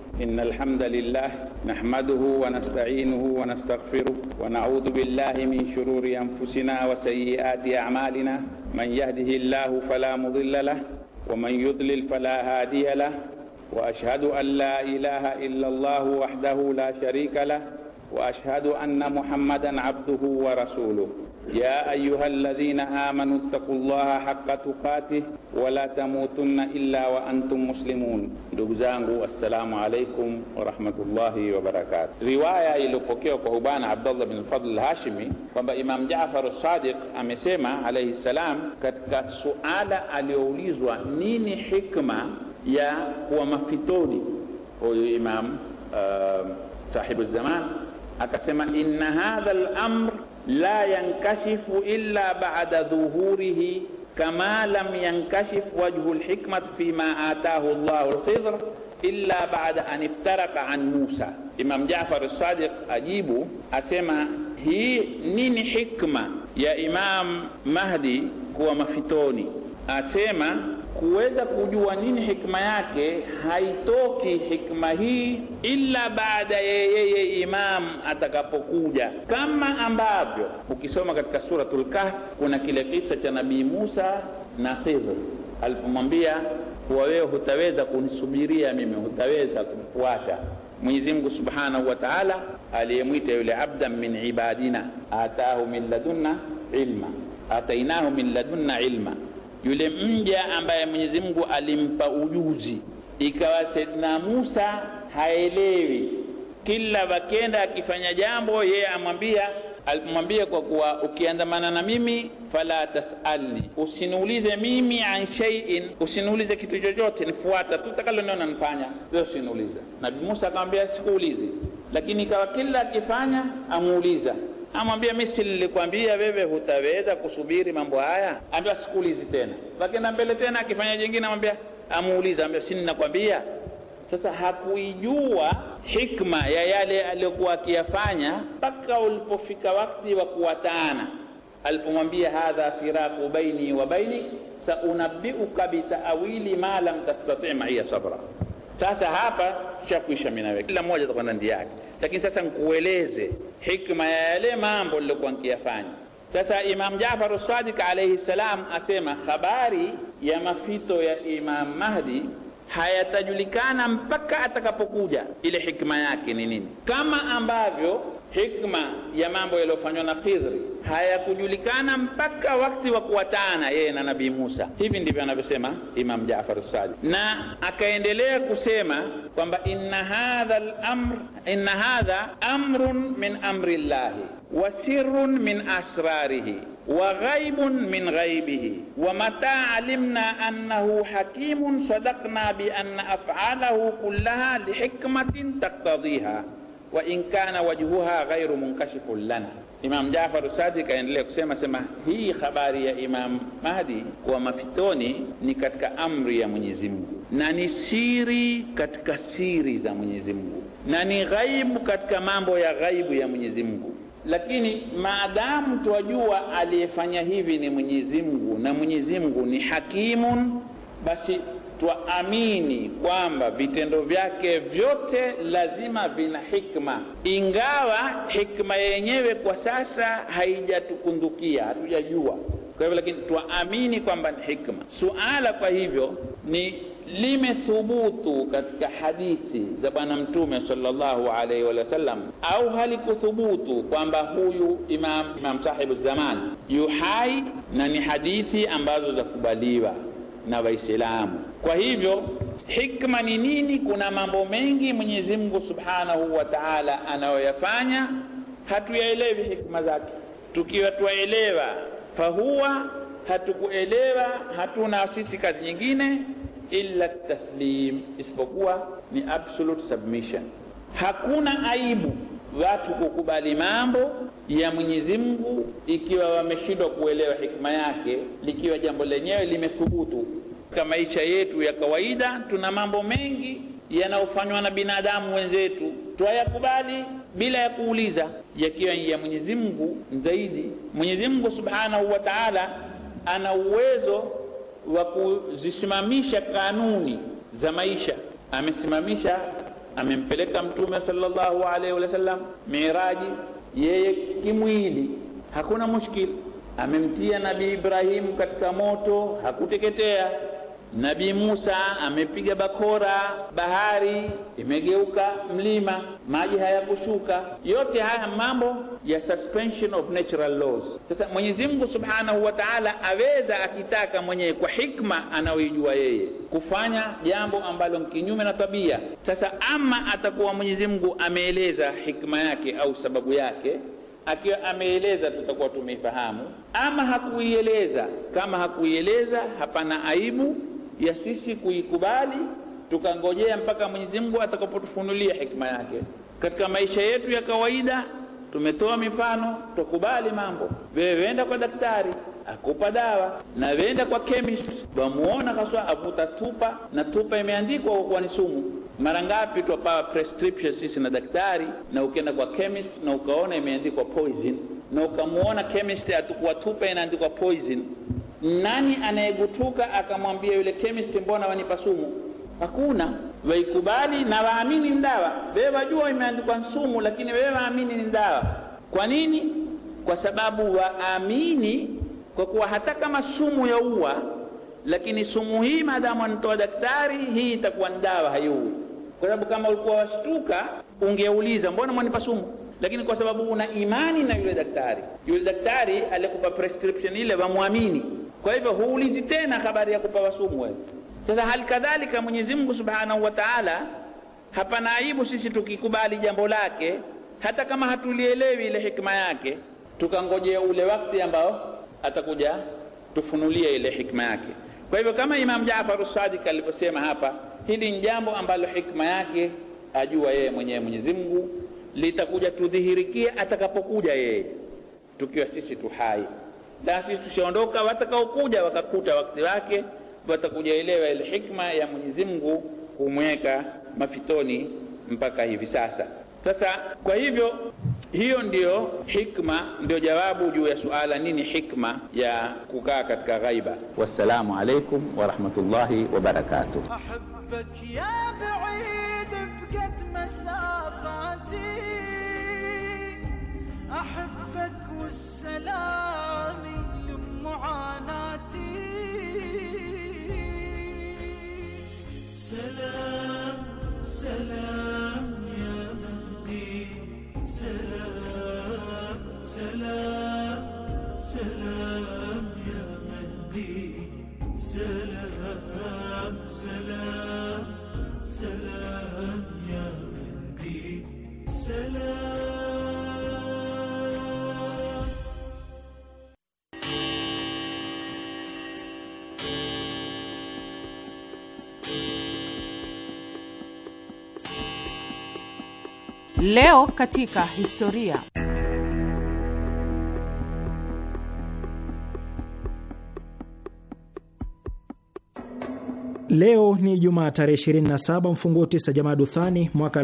إن الحمد لله نحمده ونستعينه ونستغفره ونعوذ بالله من شرور أنفسنا وسيئات أعمالنا من يهده الله فلا مضل له ومن يضلل فلا هادي له وأشهد أن لا إله إلا الله وحده لا شريك له وأشهد أن محمدا عبده ورسوله يا أيها الذين آمنوا اتقوا الله حق تقاته ولا تموتن إلا وأنتم مسلمون دوغزانغو السلام عليكم ورحمة الله وبركاته رواية لقوكيو كهبان عبد الله بن الفضل الهاشمي قام إمام جعفر الصادق أمسيما عليه السلام كتك سؤال أليوليزوا نيني حكمة يا ومفتوني هو إمام صاحب الزمان أكسما إن هذا الأمر لا ينكشف إلا بعد ظهوره كما لم ينكشف وجه الحكمة فيما آتاه الله الخضر إلا بعد أن افترق عن موسى إمام جعفر الصادق أجيب أسمى هي نين حكمة يا إمام مهدي هو مفتوني أسمى kuweza kujua nini hikma yake, haitoki hikma hii ila baada ya yeye imamu atakapokuja, kama ambavyo ukisoma katika Suratul Kahf kuna kile kisa cha Nabii Musa na Khidr alipomwambia kuwa wewe hutaweza kunisubiria mimi, hutaweza kumfuata. Mwenyezi Mungu Subhanahu wa Ta'ala aliyemwita yule abdan min ibadina ataahu min ladunna ilma atainahu min ladunna ilma yule mja ambaye Mwenyezi Mungu alimpa ujuzi, ikawa Saidina Musa haelewi, kila wakenda akifanya jambo yeye amwambia alimwambia kwa kuwa ukiandamana na mimi fala tasalni, usiniulize mimi an shay'in, usiniulize kitu chochote, nifuata tu niona nifanya, wewe usiniulize. Nabii Musa akamwambia sikuulizi, lakini ikawa kila akifanya amuuliza amwambia misi, nilikwambia wewe hutaweza kusubiri mambo haya. Amwambia sikuulizi tena. Wakenda mbele tena, akifanya jingine, amwambia amuuliza, amwambia si ninakwambia. Sasa hakuijua hikma ya yale aliyokuwa akiyafanya mpaka ulipofika wakati wa kuwataana, alipomwambia hadha firaku baini wa baini saunabbiuka bitaawili ma lam tastati maiya sabra. Sasa hapa shakuisha, minaweka kila mmoja atakwenda ndi yake lakini sasa nkueleze hikma ya yale mambo lilokuwa nkiyafanya. Sasa Imam ja'far Sadiq alayhi salam asema habari ya mafito ya Imam Mahdi hayatajulikana mpaka atakapokuja. Ile hikma yake ni nini? Kama ambavyo hikma ya mambo yaliyofanywa na Khidri hayakujulikana mpaka wakati wa kuwatana yeye na Nabii Musa. Hivi ndivyo anavyosema Imam Jaafar Sadiq, na akaendelea kusema kwamba inna hadha al-amr, inna hadha amrun min amri llahi wa sirrun min asrarihi wa ghaibun min ghaibihi wa mata alimna annahu hakimun sadaqna bi anna af'alahu kullaha lihikmatin taqtadiha wa in kana wajhuha ghairu munkashifun lana. Imam Jafar Sadiq aendelea kusema sema, hii habari ya Imam Mahdi kuwa mafitoni ni katika amri ya Mwenyezi Mungu na ni siri katika siri za Mwenyezi Mungu na ni ghaibu katika mambo ya ghaibu ya Mwenyezi Mungu. Lakini maadamu twajua aliyefanya hivi ni Mwenyezi Mungu na Mwenyezi Mungu ni hakimun, basi twaamini kwamba vitendo vyake vyote lazima vina hikma, ingawa hikma yenyewe kwa sasa haijatukundukia, hatujajua. Kwa hivyo, lakini twaamini kwamba ni hikma. Suala kwa hivyo ni limethubutu katika hadithi za Bwana Mtume sallallahu alaihi wa sallam, au halikuthubutu kwamba huyu imam, imam sahibu zamani yu hai na ni hadithi ambazo zakubaliwa na Waislamu. Kwa hivyo hikma ni nini? Kuna mambo mengi Mwenyezi Mungu Subhanahu wa Ta'ala anayoyafanya hatuyaelewi hikma zake. Tukiwa twaelewa fahuwa, hatukuelewa hatuna sisi kazi nyingine illa taslim, isipokuwa ni absolute submission. Hakuna aibu watu kukubali mambo ya Mwenyezi Mungu, ikiwa wameshindwa kuelewa hikma yake, likiwa jambo lenyewe limethubutu. Katika maisha yetu ya kawaida, tuna mambo mengi yanayofanywa na binadamu wenzetu, twayakubali bila ya kuuliza, yakiwa ya Mwenyezi Mungu zaidi. Mwenyezi Mungu Subhanahu wa Ta'ala ana uwezo wa kuzisimamisha kanuni za maisha. Amesimamisha, amempeleka Mtume sallallahu alaihi wasallam miraji yeye kimwili hakuna mushkil. Amemtia Nabii Ibrahimu katika moto hakuteketea. Nabii Musa amepiga bakora, bahari imegeuka mlima, maji hayakushuka. Yote haya mambo ya suspension of natural laws. Sasa Mwenyezi Mungu Subhanahu wa Ta'ala aweza akitaka mwenyewe kwa hikma anayoijua yeye kufanya jambo ambalo kinyume na tabia. Sasa ama atakuwa Mwenyezi Mungu ameeleza hikma yake au sababu yake akiwa ameeleza tutakuwa tumeifahamu, ama hakuieleza. Kama hakuieleza, hapana aibu ya sisi kuikubali tukangojea mpaka Mwenyezi Mungu atakapotufunulia hikma yake. Katika maisha yetu ya kawaida tumetoa mifano, tukubali mambo. Wewe wenda kwa daktari akupa dawa, na wenda kwa chemist wamuona kaswa avuta tupa, na tupa imeandikwa kuwa ni sumu. Mara ngapi twapawa prescription sisi na daktari, na ukienda kwa chemist na ukaona imeandikwa poison, na ukamuona chemist atukuwa tupa inaandikwa poison nani anayegutuka akamwambia yule chemist, mbona wanipa sumu? Hakuna. Waikubali na waamini ni dawa. Wewe wajua imeandikwa sumu, lakini wewe waamini ni dawa. Kwa nini? Kwa sababu waamini, kwa kuwa hata kama sumu ya uwa, lakini sumu hii maadamu anatoa daktari, hii itakuwa ni dawa, haiui. Kwa sababu kama ulikuwa washtuka, ungeuliza mbona mwanipa sumu lakini kwa sababu una imani na yule daktari, yule daktari alikupa prescription ile, wamwamini. Kwa hivyo huulizi tena habari ya kupawa sumu wewe. Sasa hali kadhalika Mwenyezi Mungu Subhanahu wa Ta'ala, hapana aibu sisi tukikubali jambo lake, hata kama hatulielewi ile hikma yake, tukangojea ule wakati ambao atakuja tufunulie ile hikma yake. Kwa hivyo kama Imam Jaafar Sadiq alivyosema hapa, hili ni jambo ambalo hikma yake ajua yeye mwenyewe Mwenyezi Mungu, litakuja tudhihirikia atakapokuja yeye, tukiwa sisi tuhai na sisi tushaondoka, watakaokuja wakakuta wakati wake, watakujaelewa ile hikma ya Mwenyezi Mungu kumweka mafitoni mpaka hivi sasa. Sasa kwa hivyo, hiyo ndiyo hikma, ndio jawabu juu ya suala nini hikma ya kukaa katika ghaiba. Wassalamu alaikum wa rahmatullahi wa ya masafati أحبك والسلام لمعاناتي سلام سلام يا مهدي سلام سلام سلام يا مهدي سلام سلام سلام يا مهدي سلام Leo katika historia. Leo ni Jumaa tarehe 27 mfunguo 9 Jamaaduthani mwaka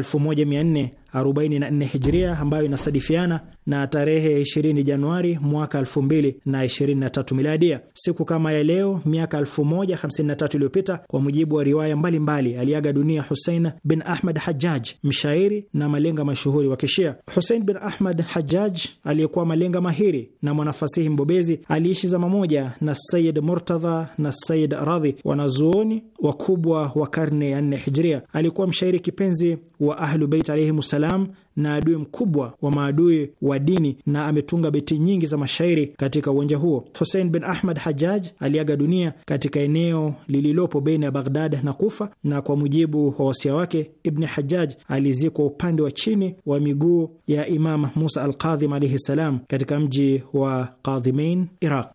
44 hijria ambayo inasadifiana na tarehe 20 Januari mwaka 2023 miladia. Siku kama ya leo miaka 1053 iliyopita, kwa mujibu wa riwaya mbalimbali mbali, aliaga dunia Husein bin Ahmad Hajjaj, mshairi na malenga mashuhuri wa Kishia. Husein bin Ahmad Hajjaj aliyekuwa malenga mahiri na mwanafasihi mbobezi aliishi zama moja na Sayid Murtadha na Sayid Radhi, wanazuoni wakubwa wa karne ya 4 hijria. Alikuwa mshairi kipenzi wa Ahlubeit alaihim salam na adui mkubwa wa maadui wa dini na ametunga beti nyingi za mashairi katika uwanja huo. husein bin Ahmad hajaj aliaga dunia katika eneo lililopo baina ya Baghdad na Kufa, na kwa mujibu wa wasia wake, Ibni Hajaj alizikwa upande wa chini wa miguu ya Imam Musa alqadhim alaihi salam katika mji wa Qadhimain, Iraq.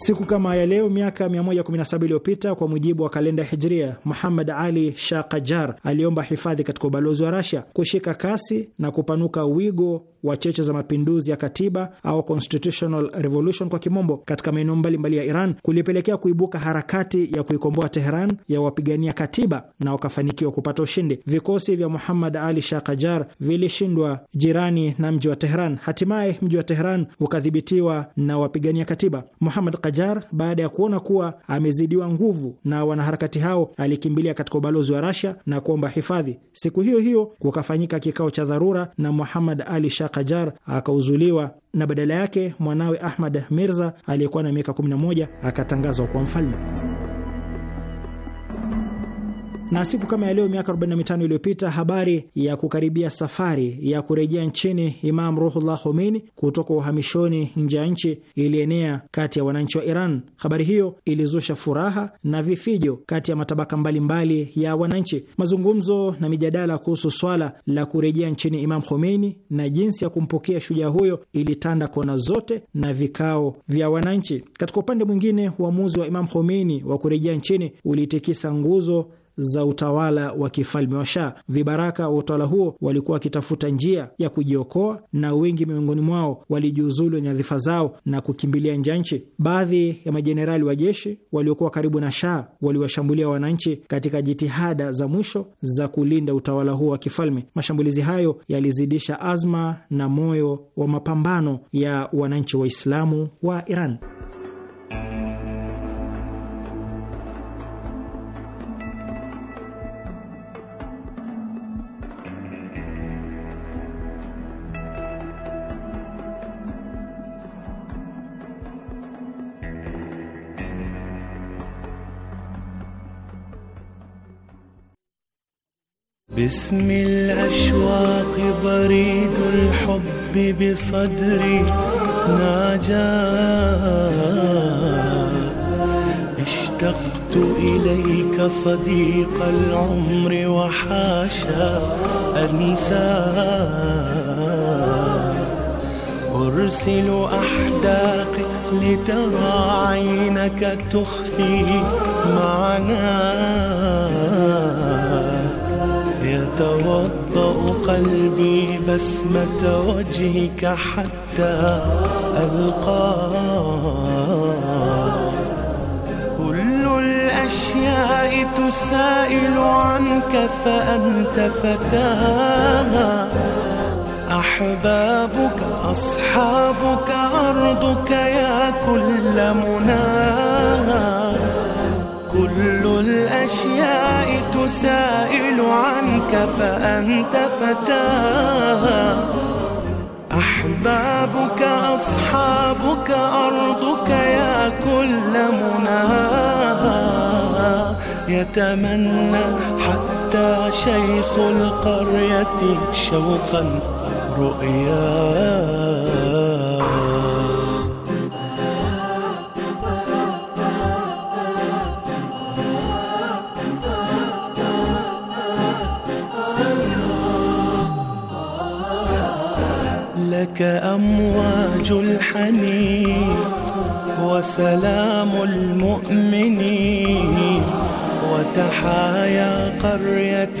Siku kama ya leo miaka 117 iliyopita kwa mujibu wa kalenda Hijria, Muhammad Ali Shah Qajar aliomba hifadhi katika ubalozi wa Rasia. Kushika kasi na kupanuka wigo wa cheche za mapinduzi ya katiba au constitutional revolution kwa kimombo, katika maeneo mbalimbali ya Iran kulipelekea kuibuka harakati ya kuikomboa Teheran ya wapigania katiba na wakafanikiwa kupata ushindi. Vikosi vya Muhammad Ali Shah Qajar vilishindwa jirani na mji wa Teheran. Hatimaye mji wa Teheran ukadhibitiwa na wapigania katiba Muhammad Kajar baada ya kuona kuwa amezidiwa nguvu na wanaharakati hao, alikimbilia katika ubalozi wa rasha na kuomba hifadhi. Siku hiyo hiyo kukafanyika kikao cha dharura na Muhammad Ali Shah Kajar akauzuliwa, na badala yake mwanawe Ahmad Mirza aliyekuwa na miaka 11 akatangazwa kuwa mfalme. Na siku kama ya leo miaka 45 iliyopita, habari ya kukaribia safari ya kurejea nchini Imam Ruhullah Khomeini kutoka uhamishoni nje ya nchi ilienea kati ya wananchi wa Iran. Habari hiyo ilizusha furaha na vifijo kati ya matabaka mbalimbali mbali ya wananchi. Mazungumzo na mijadala kuhusu swala la kurejea nchini Imam Khomeini na jinsi ya kumpokea shujaa huyo ilitanda kona zote na vikao vya wananchi. Katika upande mwingine, uamuzi wa Imam Khomeini wa kurejea nchini ulitikisa nguzo za utawala wa kifalme wa Shah. Vibaraka wa utawala huo walikuwa wakitafuta njia ya kujiokoa, na wengi miongoni mwao walijiuzulu nyadhifa zao na kukimbilia nje ya nchi. Baadhi ya majenerali wa jeshi waliokuwa karibu na Shah waliwashambulia wananchi katika jitihada za mwisho za kulinda utawala huo wa kifalme. Mashambulizi hayo yalizidisha azma na moyo wa mapambano ya wananchi Waislamu wa Iran. باسم الأشواق بريد الحب بصدري ناجاه اشتقت إليك صديق العمر وحاشا أنساه أرسل أحداقي لترى عينك تخفي معناه يتوضأ قلبي بسمة وجهك حتى ألقى كل الأشياء تسائل عنك فأنت فتاها أحبابك أصحابك أرضك يا كل مناها كل الأشياء تسائل عنك فأنت فتاها أحبابك أصحابك أرضك يا كل مناها يتمنى حتى شيخ القرية شوقا رؤياها أمواج الحنين وسلام المؤمنين وتحايا قرية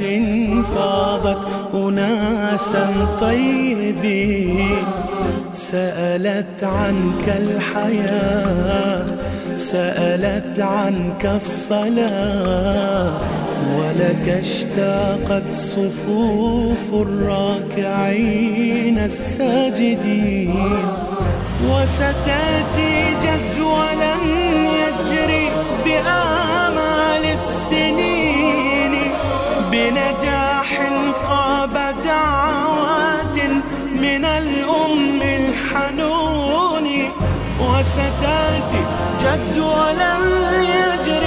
فاضت أناسا طيبين سألت عنك الحياة سألت عنك الصلاة ولك اشتاقت صفوف الراكعين الساجدين وستاتي جهد ولم يجري بآمال السنين بنجاح قاب دعوات من الأم الحنون وستاتي جد ولم يجري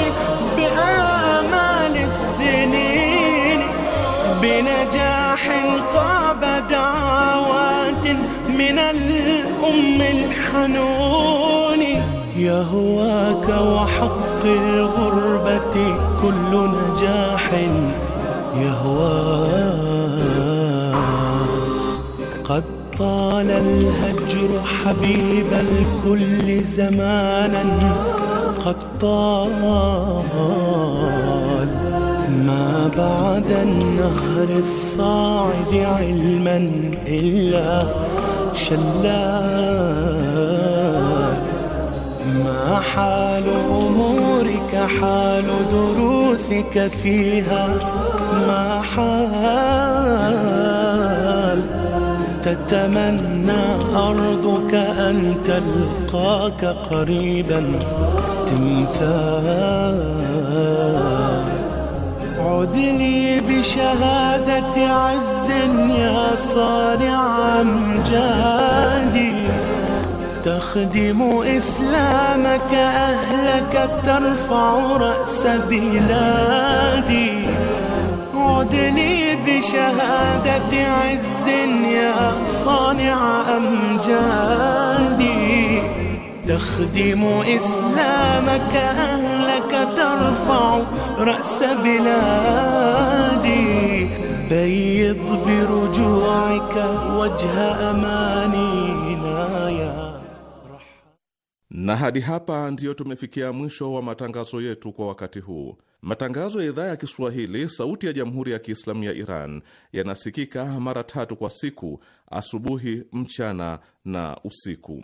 بنجاح قاب دعوات من الأم الحنون يهواك وحق الغربة كل نجاح يهواك قد طال الهجر حبيب الكل زمانا قد طال ما بعد النهر الصاعد علما إلا شلال ما حال أمورك حال دروسك فيها ما حال تتمنى أرضك أن تلقاك قريبا تمثال عد لي بشهادة عز يا صانع امجادي تخدم إسلامك أهلك ترفع رأس بلادي عد لي بشهادة عز يا صانع أمجادي تخدم إسلامك أهلك ارفع راس بلادي بيض برجوعك وجه أمانينا يا na hadi hapa ndiyo tumefikia mwisho wa matangazo yetu kwa wakati huu. Matangazo ya idhaa ya Kiswahili sauti ya jamhuri ya Kiislamu ya Iran yanasikika mara tatu kwa siku: asubuhi, mchana na usiku.